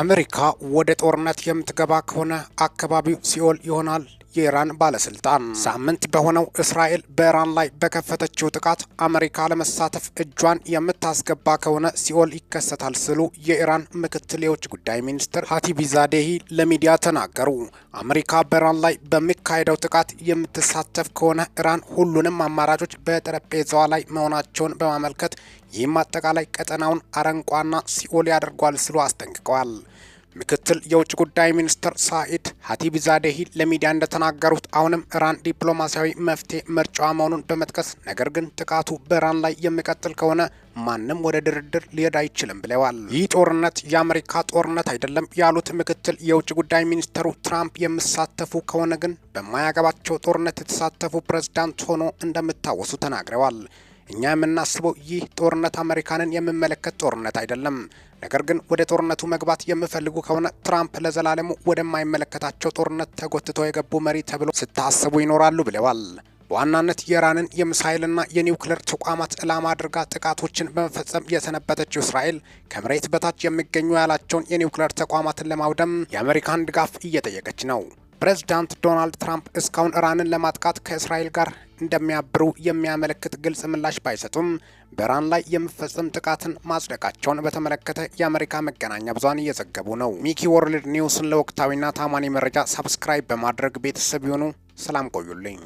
አሜሪካ ወደ ጦርነት የምትገባ ከሆነ አካባቢው ሲኦል ይሆናል። የኢራን ባለስልጣን ሳምንት በሆነው እስራኤል በኢራን ላይ በከፈተችው ጥቃት አሜሪካ ለመሳተፍ እጇን የምታስገባ ከሆነ ሲኦል ይከሰታል ስሉ የኢራን ምክትል የውጭ ጉዳይ ሚኒስትር ሀቲቢ ዛዴሂ ለሚዲያ ተናገሩ። አሜሪካ በኢራን ላይ በሚካሄደው ጥቃት የምትሳተፍ ከሆነ ኢራን ሁሉንም አማራጮች በጠረጴዛዋ ላይ መሆናቸውን በማመልከት ይህም አጠቃላይ ቀጠናውን አረንቋና ሲኦል ያደርጓል ስሉ አስጠንቅቀዋል። ምክትል የውጭ ጉዳይ ሚኒስትር ሳኢድ ሀቲቢዛዴሂ ለሚዲያ እንደተናገሩት አሁንም ኢራን ዲፕሎማሲያዊ መፍትሄ ምርጫዋ መሆኑን በመጥቀስ ነገር ግን ጥቃቱ በኢራን ላይ የሚቀጥል ከሆነ ማንም ወደ ድርድር ሊሄድ አይችልም ብለዋል። ይህ ጦርነት የአሜሪካ ጦርነት አይደለም ያሉት ምክትል የውጭ ጉዳይ ሚኒስትሩ ትራምፕ የሚሳተፉ ከሆነ ግን በማያገባቸው ጦርነት የተሳተፉ ፕሬዝዳንት ሆኖ እንደሚታወሱ ተናግረዋል። እኛ የምናስበው ይህ ጦርነት አሜሪካንን የምመለከት ጦርነት አይደለም። ነገር ግን ወደ ጦርነቱ መግባት የምፈልጉ ከሆነ ትራምፕ ለዘላለሙ ወደማይመለከታቸው ጦርነት ተጎትተው የገቡ መሪ ተብሎ ስታስቡ ይኖራሉ ብለዋል። በዋናነት የኢራንን የሚሳይልና የኒውክሌር ተቋማት ዕላማ አድርጋ ጥቃቶችን በመፈጸም የሰነበተችው እስራኤል ከመሬት በታች የሚገኙ ያላቸውን የኒውክሌር ተቋማትን ለማውደም የአሜሪካን ድጋፍ እየጠየቀች ነው። ፕሬዝዳንት ዶናልድ ትራምፕ እስካሁን ኢራንን ለማጥቃት ከእስራኤል ጋር እንደሚያብሩ የሚያመለክት ግልጽ ምላሽ ባይሰጡም በኢራን ላይ የሚፈጸም ጥቃትን ማጽደቃቸውን በተመለከተ የአሜሪካ መገናኛ ብዙሃን እየዘገቡ ነው። ሚኪ ወርልድ ኒውስን ለወቅታዊና ታማኒ መረጃ ሳብስክራይብ በማድረግ ቤተሰብ ይሁኑ። ሰላም ቆዩልኝ።